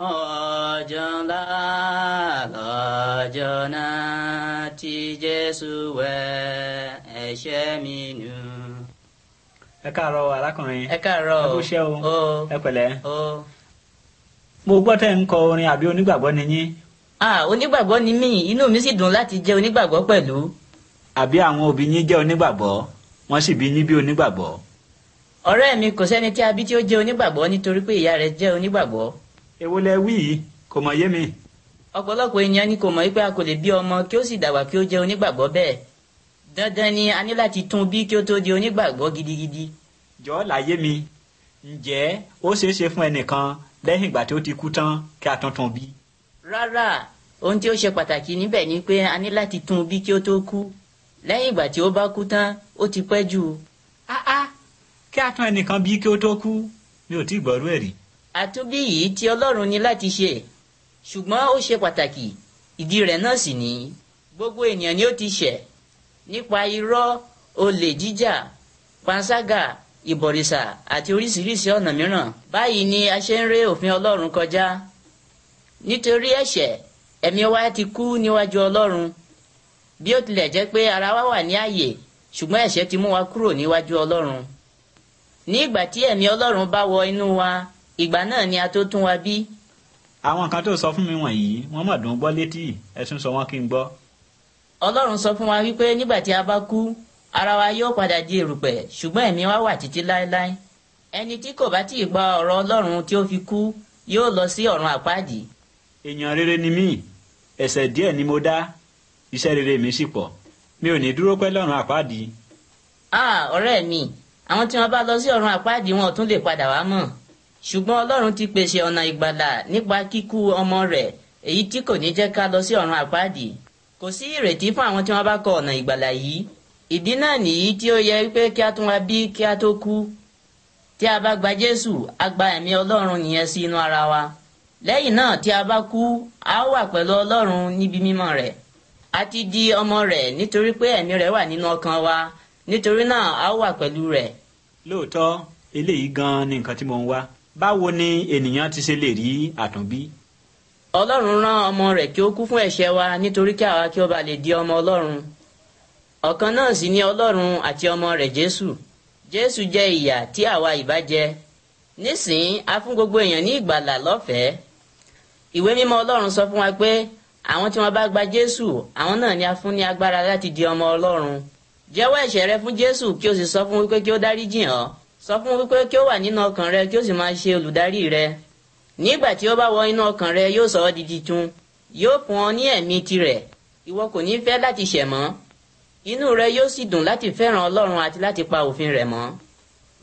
ọjọ́ ńlá lọ́jọ́ náà tí Jésù wẹ ẹ̀ṣẹ̀ mi nù. ẹ káàárọ̀ arákùnrin ẹ káàárọ̀ ẹ kú o ẹ pẹ̀lẹ́ mo gbọ́ tẹ́ ń kọ orin àbí onígbàgbọ́ ni yín. ah onígbàgbọ́ ni mí inú mi sì dùn láti jẹ́ onígbàgbọ́ pẹ̀lú. àbí àwọn òbí yín jẹ́ onígbàgbọ́ wọ́n sì bí yín bí onígbàgbọ́. ọ̀rẹ́ mi kò sẹ́ni tí a bí tí ó jẹ́ onígbàgbọ́ nítorí pé ìyá rẹ̀ jẹ́ onígbàgbọ́ èwo lẹ wí yìí kò mọ̀ yé mi. ọ̀pọ̀lọpọ̀ èèyàn ni kò mọ̀ wípé a kò lè bí ọmọ kí ó sì dàgbà kí ó jẹ́ onígbàgbọ́ bẹ́ẹ̀ dandan ni a ní láti tún bí kí ó tó di onígbàgbọ́ gidigidi. jọ̀ọ́ láyé mi ǹjẹ́ ó ṣeé ṣe fún ẹnìkan lẹ́yìn ìgbà tí ó ti kú tán kí a tuntun bí. rárá ohun tí ó ṣe pàtàkì níbẹ̀ ni pé a ní láti tún bí kí ó tó kú lẹ́yìn ìgbà tí ó bá kú tán ó ti pẹ́ jù. áá kí a tún ẹnìkan bí kí ó tó kú mi ò tí ì gbọ́rú ẹ̀ àtúnbí yìí ti Ọlọ́run ni láti ṣe ṣùgbọ́n ó ṣe pàtàkì ìdí rẹ̀ náà sì ni gbogbo ènìyàn ni ó ti ṣẹ̀ nípa irọ́ olè jíjà panṣágà ìbọ̀rìṣà àti oríṣiríṣi ọ̀nà mìíràn báyìí ni a ṣe ń ré òfin Ọlọ́run kọjá nítorí ẹ̀ṣẹ̀ ẹ̀mí wa ti kú níwájú Ọlọ́run bí ó tilẹ̀ jẹ́ pé ara wa wà ní ààyè ṣùgbọ́n ẹ̀ṣẹ̀ ti mú wa kúrò níwájú Ọlọ́run ní ìgbà tí ẹ̀mí Ọlọ́run bá wọ inú wa ìgbà náà ni a tó tún wa bí. àwọn kan tó sọ fún mi wọ̀nyí wọ́n mọ̀ dùn gbọ́ létí ẹ̀sùn sọ wọ́n kí n gbọ́. ọlọ́run sọ fún wa wípé nígbà tí a bá kú ara wa yóò padà di èrùpẹ̀ ṣùgbọ́n ẹ̀mí wa wà títí láéláé ẹni tí kò bá tíì gba ọ̀rọ̀ ọlọ́run tí ó fi kú yóò lọ sí ọ̀run àpáàdì. èèyàn rere ni mí ẹ̀ṣẹ̀ díẹ̀ ni mo dá iṣẹ́ rere mi sì pọ̀ mi ò ní dúró pẹ́ lọ́run àpáàdì. a ah, ọ̀rẹ́ mi àwọn tí wọ́n bá lọ sí ọ̀run àpáàdì wọn ò tún lè padà wá mọ́ ṣùgbọ́n ọlọ́run ti pèsè ọ̀nà ìgbàlà nípa kíkú ọmọ rẹ̀ èyí tí kò ní jẹ́ ká lọ sí ọ̀run àpáàdì kò sí ìrètí fún àwọn tí wọ́n bá kọ ọ̀nà ìgbàlà yìí ìdí náà nìyí tí ó yẹ pé kí a tún wa bí kí a tó kú tí a bá gba jésù a gba ẹ̀mí ọlọ́run nìyẹn sí inú ara wa lẹ́yìn náà tí a bá kú a wà pẹ̀lú ọlọ́run níbi mímọ́ rẹ̀ a ti di ọmọ rẹ̀ nítorí pé ẹ̀mí rẹ̀ wà nínú ọkàn wa nítorí náà a wà pẹ̀lú rẹ̀. lóòótọ́ eléyìí gan-an ni nǹkan tí mo ń wá báwo ni ènìyàn ti ṣe lè rí àtúnbí. ọlọ́run rán ọmọ rẹ̀ kí ó kú fún ẹ̀ṣẹ̀ wa nítorí kí àwa kí ó ba lè di ọmọ ọlọ́run ọ̀kan náà sì ni ọlọ́run àti ọmọ rẹ̀ jésù jésù jẹ ìyà tí àwa ìbá nísìnyí a fún gbogbo èèyàn ní ìgbàlà lọ́fẹ̀ẹ́ ìwé mímọ́ ọlọ́run sọ fún wa pé àwọn tí wọ́n bá gba jésù àwọn náà ni a fún ní agbára láti di ọmọ ọlọ́run jẹ́wọ́ ẹ̀ṣẹ̀ rẹ fún jésù kí o sì sọ fún wípé kí ó dáríjì hàn sọ fún wípé kí ó wà nínú ọkàn rẹ kí ó sì máa ṣe olùdarí rẹ nígbà tí ó bá wọ inú ọkàn rẹ yóò sọ ọ́ di titun yóò fún ọ ní ẹ̀mí tirẹ̀ ìwọ kò ní fẹ́ láti ṣẹ̀ mọ́ inú rẹ yóò sì dùn láti fẹ́ràn Ọlọ́run àti láti pa òfin rẹ̀ mọ́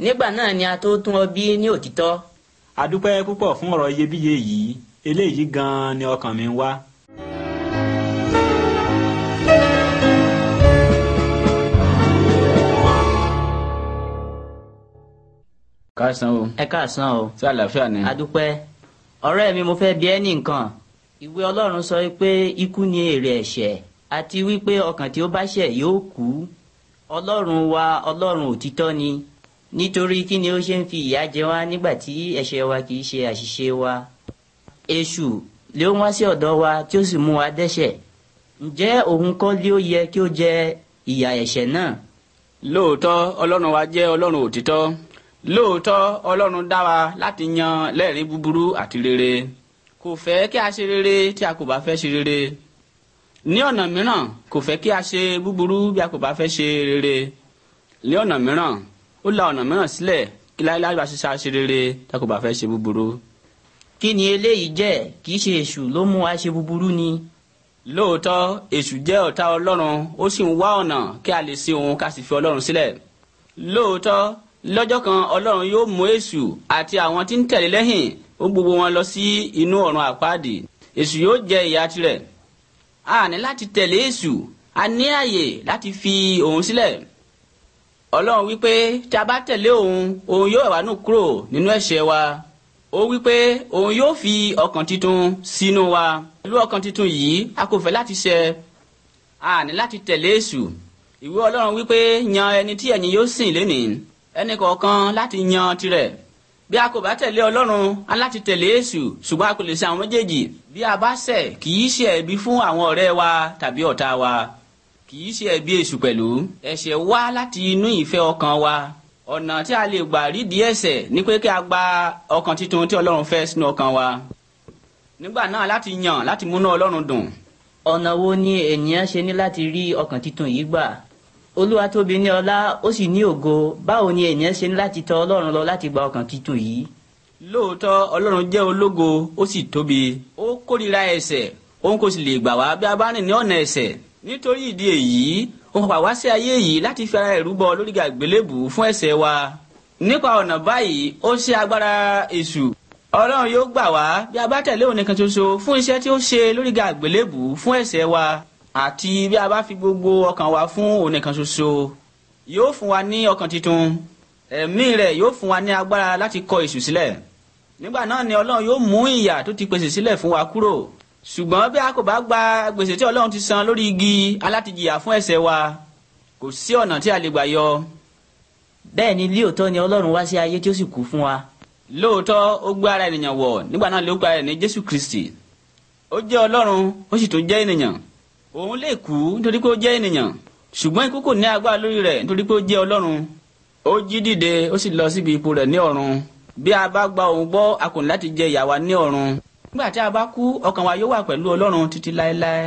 nígbà náà ni a tó tún ọ bí ní òtítọ́. a dúpẹ́ púpọ̀ fún ọ̀rọ̀ iyebíye yìí eléyìí gan-an ni ọkàn mi ń wá káàsán o. ẹ káàsán o. sí àlàáfíà ni. adúpẹ́ ọ̀rẹ́ mi mo fẹ́ bi ẹ́ ní nǹkan ìwé ọlọ́run sọ pé ikú ni èrè ẹ̀ṣẹ̀ àti wípé ọkàn tí ó bá ṣẹ̀ yóò kú ọlọ́run wa ọlọ́run òtítọ́ ni nítorí kí ni ó ṣe ń fi ìyà jẹ wá nígbà tí ẹ̀ṣẹ̀ wa kì í ṣe àṣìṣe wa èṣù lé ó wá sí ọ̀dọ̀ wa tí ó sì mú wa dẹ́ṣẹ̀ ǹjẹ́ òun kọ́ lé ó yẹ kí ó jẹ ìyà ẹ̀ṣẹ̀ náà. lóòótọ́ ọlọ́run wa jẹ́ ọlọ́run òtítọ́ lóòótọ́ ọlọ́run dá wa láti yan lẹ́rìí búburú àti rere kò fẹ́ kí a ṣe rere tí a kò bá fẹ́ ṣe rere ní ọ̀nà mìíràn kò fẹ́ kí a ṣe búburú bí a kò bá fẹ́ ṣe rere ní ọ̀nà mìíràn ó la ọ̀nà mìíràn sílẹ̀ kí láéláé bá ṣiṣẹ́ ṣe rere tí a kò bá fẹ́ ṣe búburú. kí ni eléyìí jẹ́ kì í ṣe èṣù ló mú wa ṣe búburú ni. lóòótọ́ èṣù jẹ́ ọ̀tá ọlọ́run ó sì ń wá ọ̀nà kí a lè sin òun ká sì fi ọlọ́run sílẹ̀. lóòótọ́ lọ́jọ́ kan ọlọ́run yóò mú èṣù àti àwọn tí ń tẹ̀lé lẹ́yìn ó gbogbo wọn lọ sí inú ọ̀run àpáàdì èṣù yóò jẹ ìyà tirẹ̀ a ní láti tẹ̀lé èṣù a ní àyè láti fi òun sílẹ̀ ọlọ́run wípé tí a bá tẹ̀lé òun òun yóò wà nù kúrò nínú ẹ̀ṣẹ̀ wa ó wípé òun yóò fi ọkàn titun sínú wa pẹ̀lú ọkàn titun yìí a kò fẹ́ láti ṣẹ a ní láti tẹ̀lé èṣù ìwé ọlọ́run wípé yan ẹni tí ẹ̀yin yóò sìn lénìí ẹnì kọ̀ọ̀kan láti yan tirẹ̀ bí a kò bá tẹ̀lé ọlọ́run a láti tẹ̀lé èṣù ṣùgbọ́n a kò lè ṣe àwọn méjèèjì bí a bá ṣẹ̀ kì í ṣe ẹ̀bi fún àwọn ọ̀rẹ́ wa tàbí ọ̀tá wa kì í ṣe ẹ̀bi èṣù pẹ̀lú ẹ̀ṣẹ̀ wá láti inú ìfẹ́ ọkàn wa ọ̀nà tí a lè gbà rídìí ẹ̀ṣẹ̀ ni pé kí a gba ọkàn titun tí ọlọ́run fẹ́ sínú ọkàn wa nígbà náà láti yàn láti múná ọlọ́run dùn. ọ̀nà wo ni ènìyàn ṣe ní láti rí ọkàn titun yìí gbà? olúwatóbi ní ọlá ó sì ní ògo báwo ni ènìyàn ṣe ní láti tọ ọlọ́run lọ láti gba ọkàn tuntun yìí. lóòótọ́ ọlọ́run jẹ́ ológo ó sì tóbi ó kórìíra ẹ̀ṣẹ̀ òun kò sì lè gbà wá bí a bá rìn ní ọ̀nà ẹ̀ṣẹ̀ nítorí ìdí èyí òun pàpà wá sí ayé yìí láti fi ara ẹ̀rú bọ lórí àgbélébùú fún ẹ̀ṣẹ̀ wa nípa ọ̀nà báyìí ó ṣe agbára èṣù ọlọ́run yóò gbà wá bí a bá tẹ̀lé òun nìkan ṣoṣo fún iṣẹ́ tí ó ṣe lórí àgbélébùú fún ẹ̀ṣẹ̀ wa àti bí a bá fi gbogbo ọkàn wa fún òun nìkan ṣoṣo yóò fún wa ní ọkàn tuntun ẹ̀mí rẹ̀ yóò fún wa ní agbára láti kọ èṣù sílẹ̀ nígbà náà ni ọlọ́run yóò mú ìyà tó ti pèsè sílẹ̀ fún wa kúrò ṣùgbọ́n bí a kò bá gba gbèsè tí ọlọ́run ti san lórí igi alátìjìyà fún ẹ̀ṣẹ̀ wa kò sí ọ̀nà tí a lè gbà yọ. bẹ́ẹ̀ ni lóòótọ́ ni ọlọ́run wá sí ayé tí ó sì kú fún wa. lóòótọ́ ó gbé ara ènìyàn wọ̀ nígbà náà ló gbé ara ènìyàn Jésù Kristi ó jẹ́ ọlọ́run ó sì tún jẹ́ ènìyàn òun lè kú nítorí pé ó jẹ́ ènìyàn ṣùgbọ́n ikú kò ní agbára lórí rẹ̀ nítorí pé ó jẹ́ ọlọ́run ó jí dìde ó sì lọ síbi ipò rẹ̀ ní ọ̀run bí a bá gba òun gbọ́ a kò ní láti jẹ ìyà wa ní ọ̀run nígbà tí a bá kú ọkàn wa yóò wà pẹ̀lú ọlọ́run títí láéláé